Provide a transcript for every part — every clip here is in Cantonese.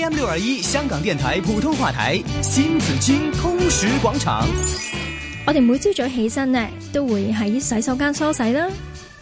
AM 六二一香港電台普通話台新紫荊通識廣場，我哋每朝早起身呢，都會喺洗手間梳洗啦。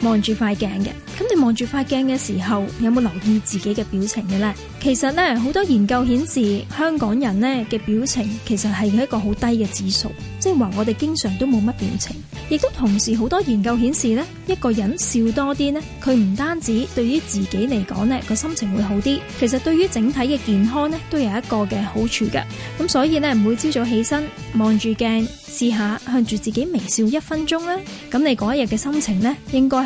望住塊鏡嘅，咁你望住塊鏡嘅時候，有冇留意自己嘅表情嘅呢？其實呢，好多研究顯示，香港人呢嘅表情其實係一個好低嘅指數，即係話我哋經常都冇乜表情，亦都同時好多研究顯示呢一個人笑多啲呢佢唔單止對於自己嚟講呢個心情會好啲，其實對於整體嘅健康呢，都有一個嘅好處嘅。咁所以呢，每朝早起身望住鏡，試下向住自己微笑一分鐘啦，咁你嗰一日嘅心情呢，應該。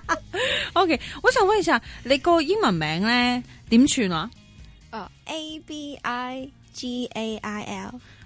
OK，我想問一下，你個英文名咧點串啊？誒，oh，A B I G A I L。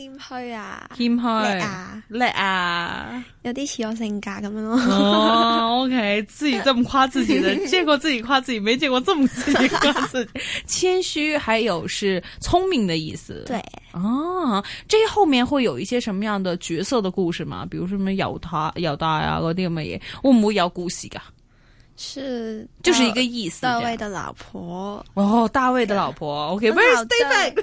謙虛啊，叻啊，叻啊，有啲似我性格咁樣咯。OK 自己這麼誇自己的，見過自己誇自己，沒見過這麼自己誇自己。謙虛，還有是聰明的意思。對，哦，這後面會有一些什麼樣的角色的故事嘛？比如說什麼咬他咬大啊嗰啲咁嘅嘢，會唔會有故事噶？是，就是一個意思。大衛的老婆，哦，大衛的老婆，OK，Where is David？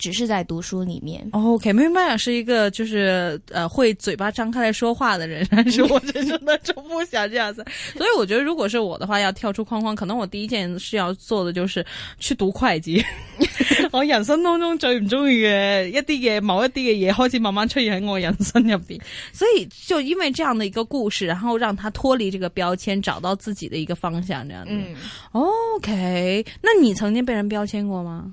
只是在讀書裏面。OK，明白了，是一個就是呃會嘴巴張開來說話的人，但是我真的就不想這樣子。所以我覺得如果是我的話，要跳出框框，可能我第一件事要做的就是去讀會計。 我人生當中最唔中意嘅一啲嘅某一啲嘅嘢，開始慢慢出現喺我人生入邊。所以就因為這樣的一個故事，然後讓他脫離這個標籤，找到自己的一個方向這樣子。嗯、o、okay, K，那你曾經被人標籤過嗎？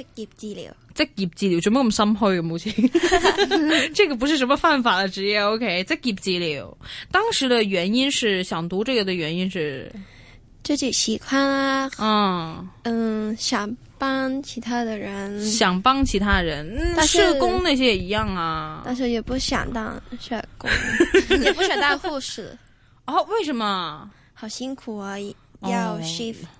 職業治療，職業治療做乜咁心虛目前？這個不是什麼犯法的職業。O、okay, K，職業治療、okay, 當時的原因是想讀這個的原因是自己喜歡啊。嗯，嗯，想幫其他的人，想幫其他人，但社、嗯、社工那些也一樣啊。但是也不想當社工，也不想當護士。哦， oh, 為什麼？好辛苦啊，要 shift。Oh.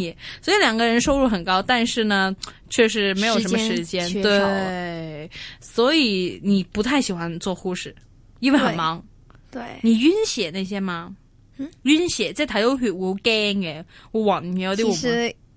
所以兩個人收入很高，但是呢，確實沒有什麼時間。時間對，所以你不太喜歡做護士，因為很忙。對，對你暈血那些嗎？嗯、暈血，即係睇到血我驚嘅，我暈有啲。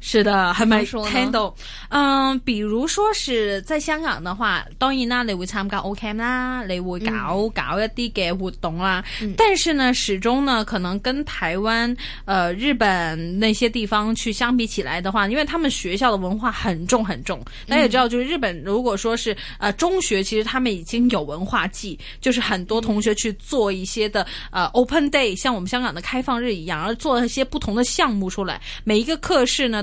是的，還蠻說的。嗯，比如說是在香港的話，當然有啦，你會參加 O Camp 啦，你會搞搞一啲嘅活動啦。嗯、但是呢，始終呢，可能跟台灣、呃，日本那些地方去相比起來的話，因為他們學校的文化很重很重。大家也知道，就是日本如果說是呃中學，其實他們已經有文化祭，就是很多同學去做一些的、嗯、呃 open day，像我們香港的開放日一樣，而做一些不同的項目出來，每一個課室呢。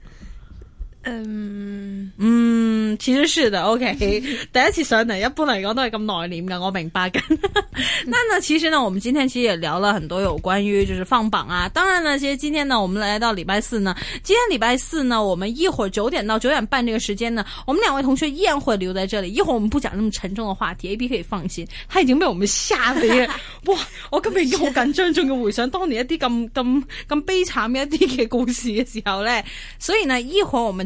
嗯嗯，其實是的。OK，第一次上嚟，一般嚟講都係咁內斂的，我明白㗎。 那呢其實呢，我們今天其實也聊了很多有關於就是放榜啊。當然呢，其實今天呢，我們來到禮拜四呢，今天禮拜四呢，我們一會九點到九點半這個時間呢，我們兩位同學依然會留在這裏。一會兒，我們不講那麼沉重的話題，A B 可以放心，他已經被我們吓到。 哇！我今日好緊張，仲要回想當年一啲咁咁咁悲慘一啲嘅故事嘅時候呢。所以呢，一會兒我們。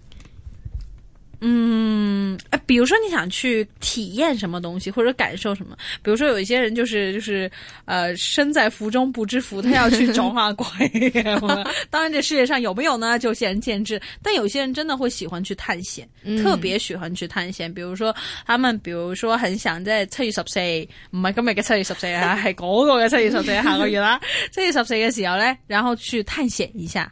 嗯，哎、呃，比如說你想去體驗什麼東西，或者感受什麼？比如說有一些人就是就是，呃，身在福中不知福，他要去中華鬼。 當然，這世界上有沒有呢？就見仁見智。但有些人真的會喜歡去探險，嗯、特別喜歡去探險。比如說他們，比如說很想在七月十四，唔係今日嘅七月十四啊，係嗰個嘅七月十四，下個月啦，七 月十四嘅時候咧，然後去探險一下。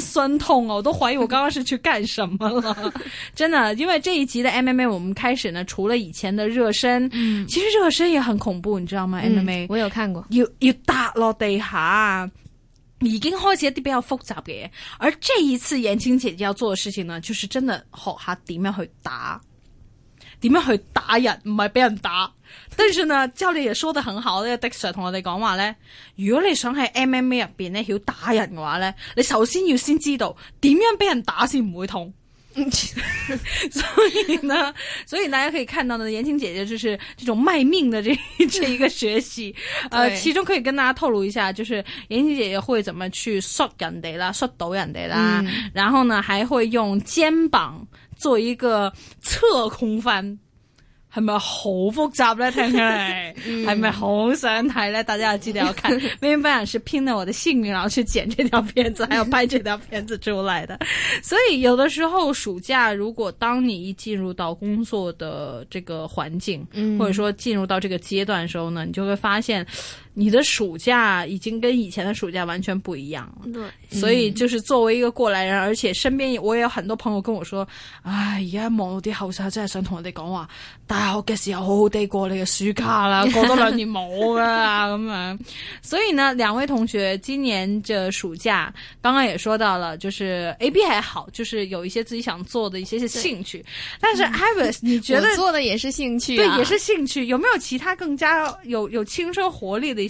酸痛哦、啊,我都懷疑我剛剛是去幹什麼了， 真的。因為這一集的 MMA，我們開始呢，除了以前的熱身，嗯、其實熱身也很恐怖，你知道嗎？MMA、嗯、我有看過，要要打落地下，已經開始一啲比較複雜嘅嘢。而這一次，眼鏡姐姐要做的事情呢，就是真的學下點樣去打，點樣去打人，唔係俾人打。但是呢，教練也說得很好 t 的 r 同我哋講話呢，如果你想喺 MMA 入邊呢，要打人嘅話呢，你首先要先知道點樣俾人打先唔會痛。 所以呢，所以大家可以看到呢，言情姐姐就是這種賣命的這這一個學習。 對呃，其中可以跟大家透露一下，就是言情姐姐會怎麼去 shot 人哋啦，shot 倒人哋啦，啦嗯、然後呢，還會用肩膀做一個側空翻。係咪好複雜呢？睇起嚟，係咪好想睇呢？大家要記得要看咩？班人、嗯、是拼了我的性命，然後去剪這條片子，還要拍這條片子出來的。 所以有的時候暑假，如果當你一進入到工作的這個環境，嗯、或者說進入到這個階段的時候呢，你就會發現。你的暑假已經跟以前的暑假完全不一樣了，對，所以就是作為一個過來人，嗯、而且身邊我也有很多朋友跟我說，哎， 而家啲後生真係想同我哋講話，大學嘅時候好好地過你嘅暑假啦，過多兩年冇噶啦咁樣。所以呢，兩位同學今年這暑假，剛剛也說到了，就是 A B 還好，就是有一些自己想做的一些、些興趣，對但是 Avis、嗯、你覺得 做的也是興趣、啊，對，也是興趣，有沒有其他更加有有青春活力的一些？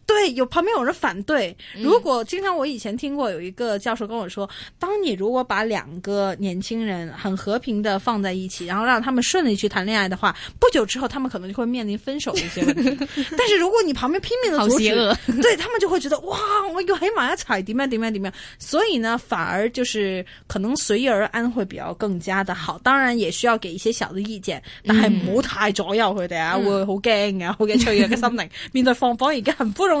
對，有旁邊有人反對。如果經常我以前聽過有一個教授跟我說，嗯、當你如果把兩個年輕人很和平的放在一起，然後讓他們順利去談戀愛的話，不久之後他們可能就會面臨分手的一些問題。 但是如果你旁邊拼命的阻止，好邪惡，對，他們就會覺得 哇，我有黑馬要踩，滴咩滴咩滴咩。所以呢，反而就是可能隨遇而安會比較更加的好。當然也需要給一些小的意見，嗯、但係唔好太左右佢哋啊，會好驚啊，好驚，好嘅脆弱嘅心靈面對放榜已經很不容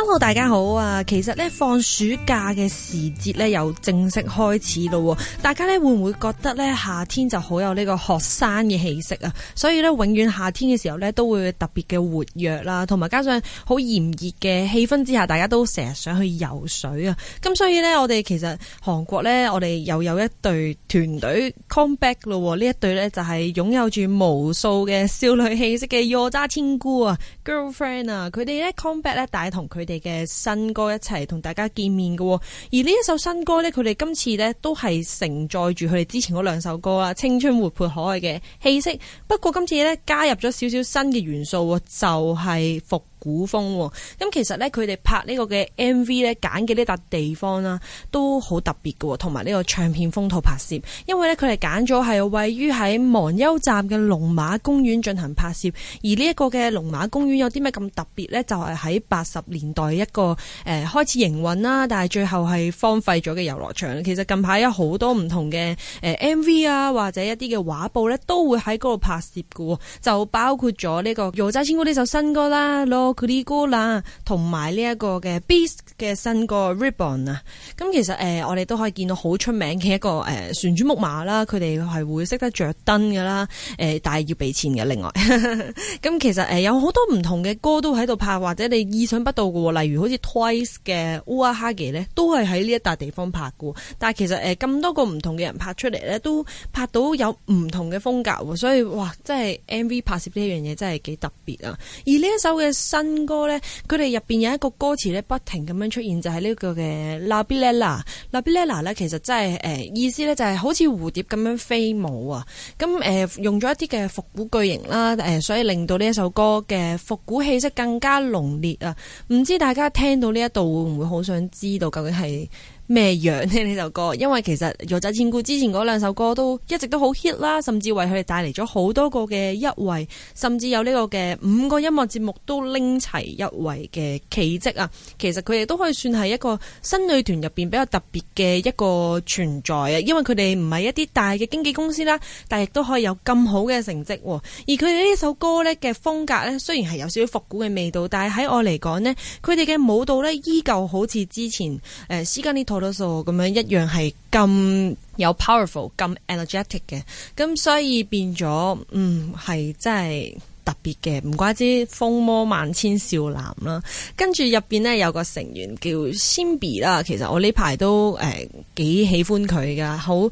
Hello，大家好啊！其實咧，放暑假嘅時節咧，又正式開始咯。大家咧會唔會覺得咧夏天就好有呢個學生嘅氣息啊？所以咧，永遠夏天嘅時候咧，都會特別嘅活躍啦，同埋加上好炎熱嘅氣氛之下，大家都成日想去游水啊。咁所以咧，我哋其實韓國咧，我哋又有一隊團隊 come back 咯。呢一隊咧就係擁有住無數嘅少女氣息嘅 Yo 渣天姑啊，Girlfriend 啊，佢哋咧 come back 咧，但係同佢哋。哋嘅新歌一齊同大家見面嘅。而呢一首新歌呢，佢哋今次呢都係承載住佢哋之前嗰兩首歌啦，青春活潑可愛嘅氣息，不過今次呢，加入咗少少新嘅元素，就係復。古風喎，咁其實咧佢哋拍呢個嘅 MV 咧，揀嘅呢笪地方啦，都好特別嘅喎，同埋呢個唱片封套拍攝，因為咧佢哋揀咗係位於喺忘憂站嘅龍馬公園進行拍攝，而呢一個嘅龍馬公園有啲咩咁特別咧？就係喺八十年代一個誒開始營運啦，但係最後係荒廢咗嘅遊樂場。其實近排有好多唔同嘅誒 MV 啊，或者一啲嘅畫布咧，都會喺嗰度拍攝嘅喎，就包括咗呢個《羅扎千古》呢首新歌啦。佢啲歌啦，同埋呢一個嘅 Beast 嘅新歌 Ribbon 啊，咁其實誒我哋都可以見到好出名嘅一個誒旋轉木馬啦，佢哋係會識得着燈噶啦，誒但係要俾錢嘅。另外咁 其實誒有好多唔同嘅歌都喺度拍，或者你意想不到嘅，例如好似 Twice 嘅 Ohagi 呢，都係喺呢一笪地方拍嘅。但係其實誒咁多個唔同嘅人拍出嚟咧，都拍到有唔同嘅風格，所以哇真係 MV 拍攝呢一樣嘢真係幾特別啊！而呢一首嘅，新歌咧，佢哋入邊有一個歌詞咧，不停咁樣出現，就係、是、呢個嘅 Lapillera。Lapillera 咧，其實真係誒意思咧，就係好似蝴蝶咁樣飛舞啊。咁、呃、誒用咗一啲嘅復古句型啦，誒、呃，所以令到呢一首歌嘅復古氣息更加濃烈啊。唔知大家聽到呢一度會唔會好想知道究竟係？咩樣呢？呢首歌，因為其實牛仔戀曲之前嗰兩首歌都一直都好 hit 啦，甚至為佢哋帶嚟咗好多個嘅一位，甚至有呢個嘅五個音樂節目都拎齊一位嘅奇跡啊！其實佢哋都可以算係一個新女團入邊比較特別嘅一個存在啊，因為佢哋唔係一啲大嘅經紀公司啦，但係亦都可以有咁好嘅成績，喎。而佢哋呢首歌咧嘅風格咧，雖然係有少少復古嘅味道，但係喺我嚟講咧，佢哋嘅舞蹈咧，依舊好似之前誒斯嘉麗》呃大多數咁樣一樣係咁有 powerful、咁 energetic 嘅，咁所以變咗，嗯，係真係特別嘅，唔怪之風魔萬千少男啦。跟住入邊咧有個成員叫 Simbi 啦，其實我呢排都誒幾、呃、喜歡佢噶，好，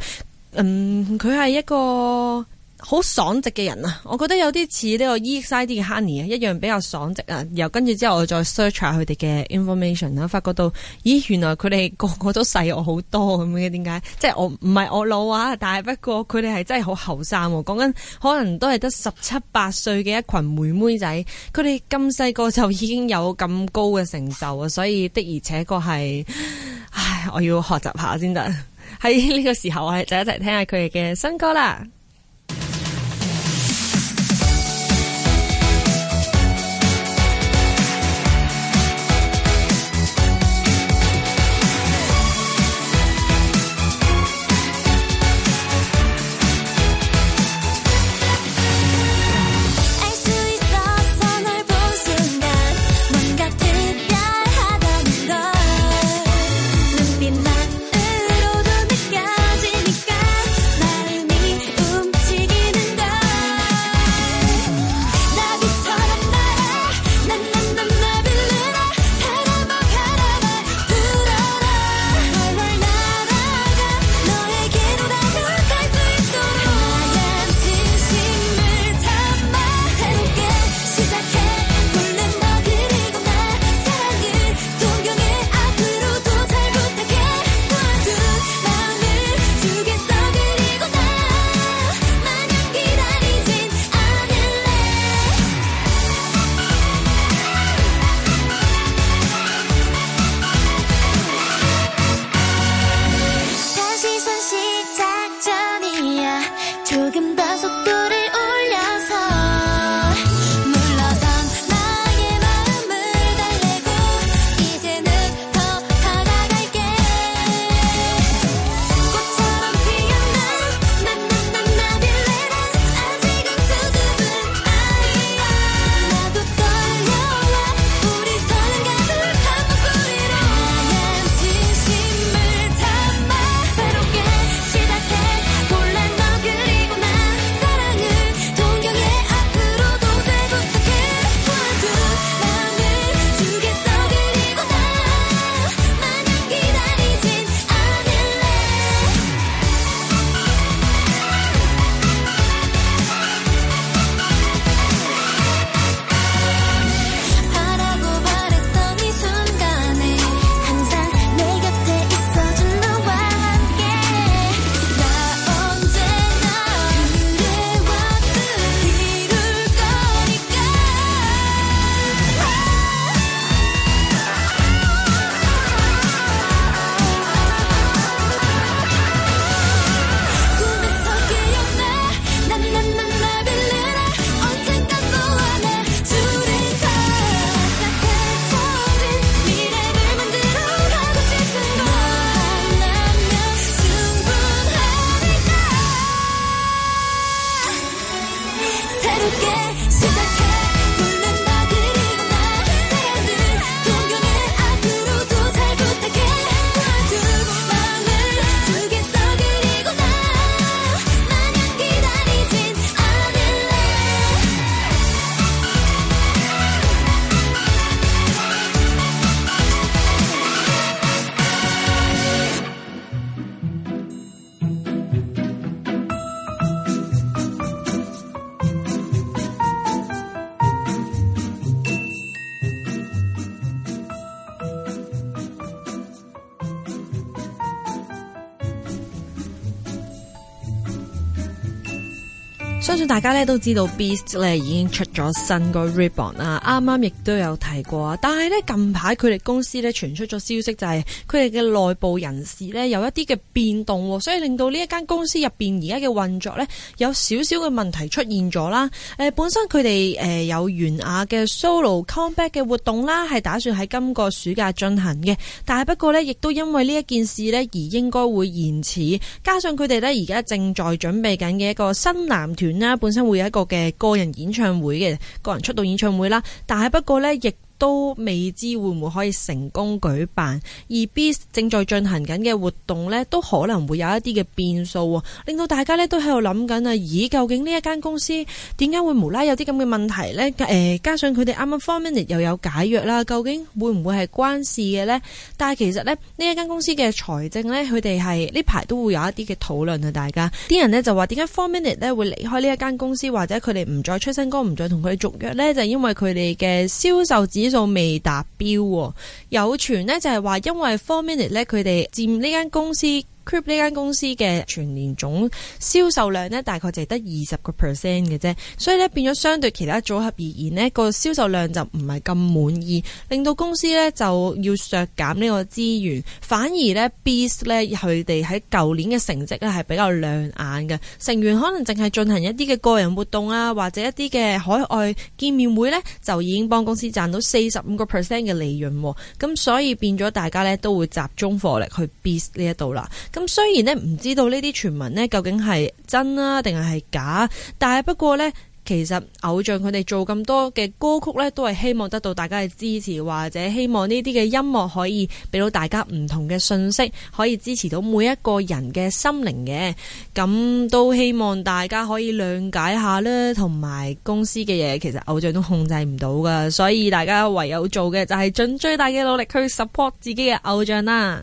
嗯，佢係一個。好爽直嘅人啊，我覺得有啲似呢個 EXID 嘅 Honey 啊，一樣比較爽直啊。然後跟住之後我再 search 下佢哋嘅 information 啦，發覺到咦，原來佢哋個個都細我好多咁樣嘅，點解？即係我唔係我老啊，但係不過佢哋係真係好後生，講緊可能都係得十七八歲嘅一群妹妹仔，佢哋咁細個就已經有咁高嘅成就啊，所以的而且確係唉，我要學習下先得。喺呢個時候，我哋就一齊聽下佢哋嘅新歌啦。大家咧，都知道，Beast 咧，已經出咗新個 ribbon 啊，啱啱，亦都有提過啊，但係咧，近排佢哋公司咧，傳出咗消息，就係佢哋嘅內部人士咧，有一啲嘅變動，所以令到呢一間公司入邊而家嘅運作咧，有少少嘅問題出現咗啦。誒、呃、本身佢哋誒有泫雅嘅 solo comeback 嘅活動啦，係打算喺今個暑假進行嘅，但係不過咧，亦都因為呢一件事咧，而應該會延遲，加上佢哋咧，而家正在準備緊嘅一個新男團啦。本身會有一個嘅個人演唱會嘅個人出道演唱會啦，但係不過咧，亦。都未知會唔會可以成功舉辦，而 B 正在進行緊嘅活動咧，都可能會有一啲嘅變數喎，令到大家咧都喺度諗緊啊！咦，究竟呢一間公司點解會無啦有啲咁嘅問題呢？誒，加上佢哋啱啱 4Minute 又有解約啦，究竟會唔會係關事嘅呢？」但係其實咧，呢一間公司嘅財政呢，佢哋係呢排都會有一啲嘅討論啊！大家啲人呢就話點解 4Minute 咧會離開呢一間公司，或者佢哋唔再出新歌，唔再同佢哋續約咧，就係因為佢哋嘅銷售指指數未達標喎，有傳咧就係話，因為 Four Minute 咧佢哋佔呢間公司。Clip 呢間公司嘅全年總銷售量呢，大概就係得二十個 percent 嘅啫，所以咧變咗相對其他組合而言呢，個銷售量就唔係咁滿意，令到公司呢就要削減呢個資源，反而呢 Beast 咧佢哋喺舊年嘅成績咧係比較亮眼嘅，成員可能淨係進行一啲嘅個人活動啊，或者一啲嘅海外見面會呢，就已經幫公司賺到四十五個 percent 嘅利潤，咁所以變咗大家呢，都會集中火力去 Beast 呢一度啦。咁雖然呢，唔知道呢啲傳聞呢究竟係真呀定係係假，但係不過呢，其實偶像佢哋做咁多嘅歌曲呢，都係希望得到大家嘅支持，或者希望呢啲嘅音樂可以俾到大家唔同嘅信息，可以支持到每一個人嘅心靈嘅。咁都希望大家可以諒解下啦，同埋公司嘅嘢其實偶像都控制唔到噶，所以大家唯有做嘅就係盡最大嘅努力去 support 自己嘅偶像啦。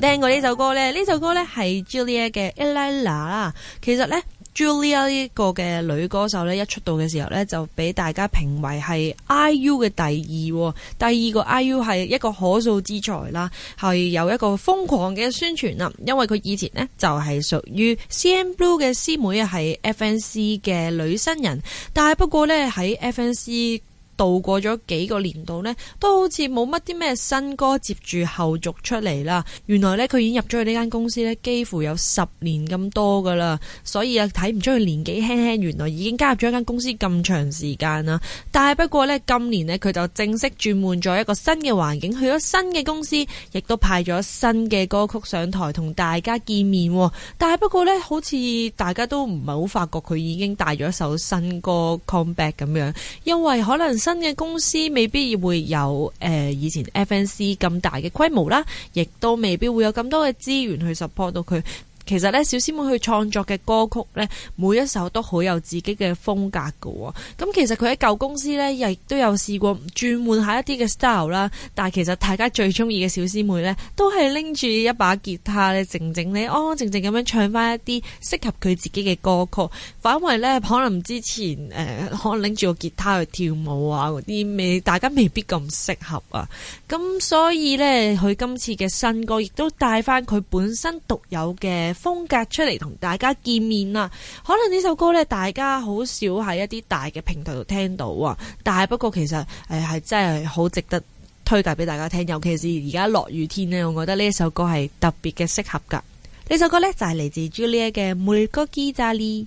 聽過呢首歌咧？呢首歌咧係 Julia 嘅 Ella 啦。其實咧，Julia 呢個嘅女歌手咧，一出道嘅時候咧，就俾大家評為係 IU 嘅第二。第二個 IU 係一個可塑之才啦，係有一個瘋狂嘅宣傳啦。因為佢以前呢，就係屬於 CNBLUE 嘅師妹啊，係 FNC 嘅女新人。但係不過咧喺 FNC。度過咗幾個年度呢，都好似冇乜啲咩新歌接住後續出嚟啦。原來呢，佢已經入咗去呢間公司呢，幾乎有十年咁多㗎啦。所以啊，睇唔出佢年紀輕輕，原來已經加入咗一間公司咁長時間啦。但係不過呢，今年呢，佢就正式轉換咗一個新嘅環境，去咗新嘅公司，亦都派咗新嘅歌曲上台同大家見面。但係不過呢，好似大家都唔係好發覺佢已經帶咗一首新歌 comeback 咁樣，因為可能新。新嘅公司未必會有誒、呃、以前 FNC 咁大嘅規模啦，亦都未必會有咁多嘅資源去 support 到佢。其實咧，小師妹去創作嘅歌曲咧，每一首都好有自己嘅風格噶。咁其實佢喺舊公司咧，亦都有試過轉換下一啲嘅 style 啦。但係其實大家最中意嘅小師妹咧，都係拎住一把吉他咧，靜靜咧，安安靜靜咁樣唱翻一啲適合佢自己嘅歌曲。反為咧，可能之前誒、呃，可能拎住個吉他去跳舞啊，嗰啲未，大家未必咁適合啊。咁所以咧，佢今次嘅新歌亦都帶翻佢本身獨有嘅風格出嚟同大家見面啦，可能呢首歌呢，大家好少喺一啲大嘅平台度聽到喎，但係不過其實誒係真係好值得推介俾大家聽。尤其是而家落雨天呢，我覺得呢一首歌係特別嘅適合㗎。呢首歌呢，就係嚟自朱莉嘅《Mulgogi Zari》。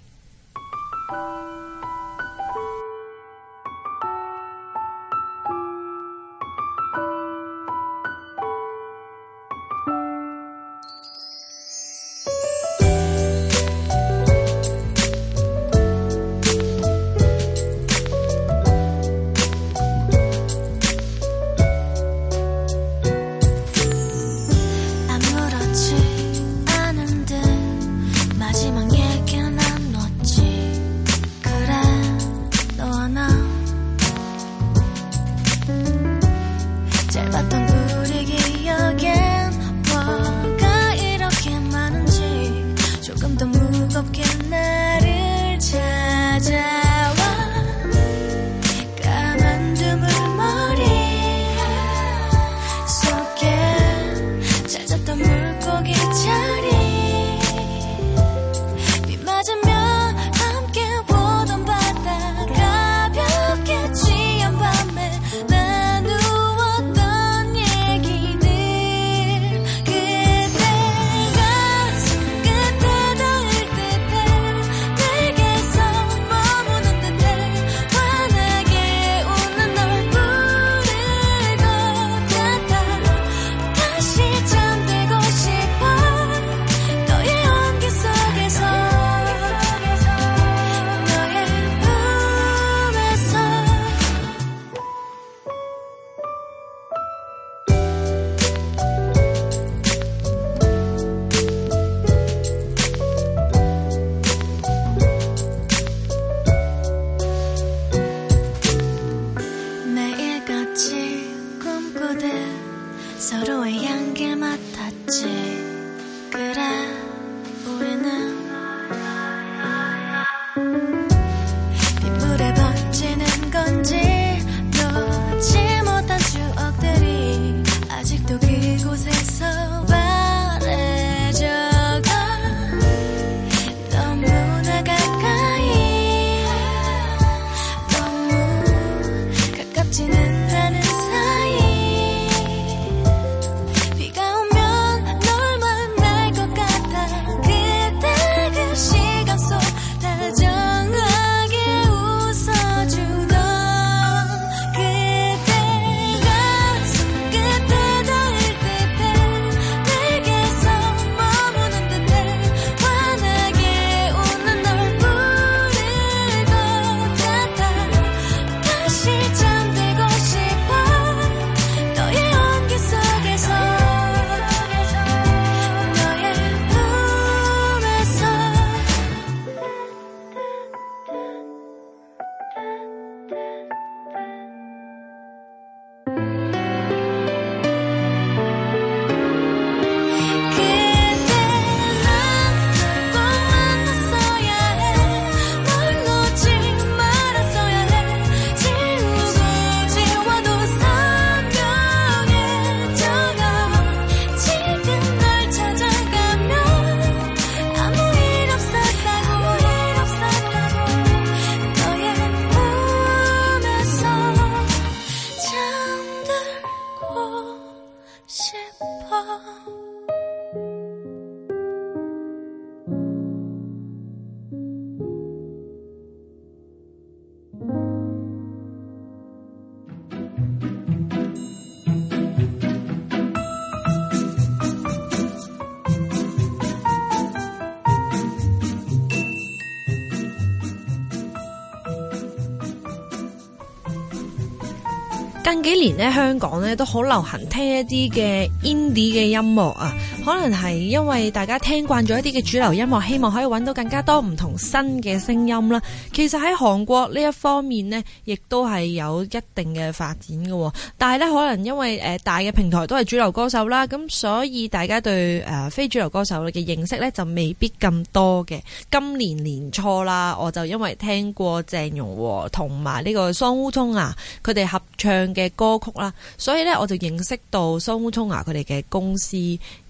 近年咧，香港咧都好流行聽一啲嘅 indie 嘅音樂啊，可能係因為大家聽慣咗一啲嘅主流音樂，希望可以揾到更加多唔同新嘅聲音啦。其實喺韓國呢一方面咧，亦都係有一定嘅發展嘅，哦，但係咧可能因為誒、呃、大嘅平台都係主流歌手啦，咁所以大家對誒、呃、非主流歌手嘅認識咧就未必咁多嘅。今年年初啦，我就因為聽過鄭容和同埋呢個桑烏通啊，佢哋合唱嘅歌。歌曲啦，所以咧我就認識到蘇聰啊，佢哋嘅公司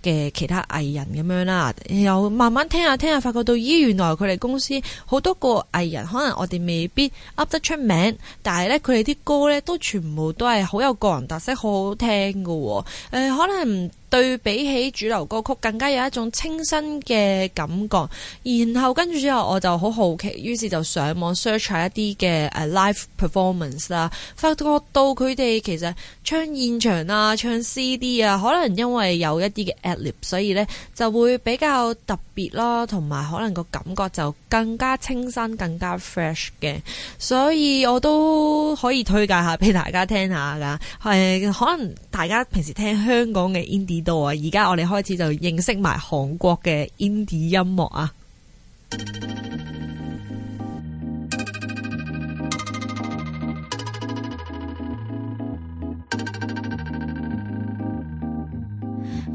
嘅其他藝人咁樣啦，又慢慢聽下聽下，發覺到咦，原來佢哋公司好多個藝人，可能我哋未必噏得出名，但係咧佢哋啲歌咧都全部都係好有個人特色，好好聽嘅。誒、呃、可能對比起主流歌曲，更加有一種清新嘅感覺，然後跟住之後我就好好奇，於是就上網 search 下一啲嘅誒 live performance 啦，發覺到佢哋其實唱現場啊，唱 CD 啊，可能因為有一啲嘅。所以咧就會比較特別咯，同埋可能個感覺就更加清新、更加 fresh 嘅。所以我都可以推介下俾大家聽下噶，係可能大家平時聽香港嘅 indie 多啊，而家我哋開始就認識埋韓國嘅 indie 音樂啊。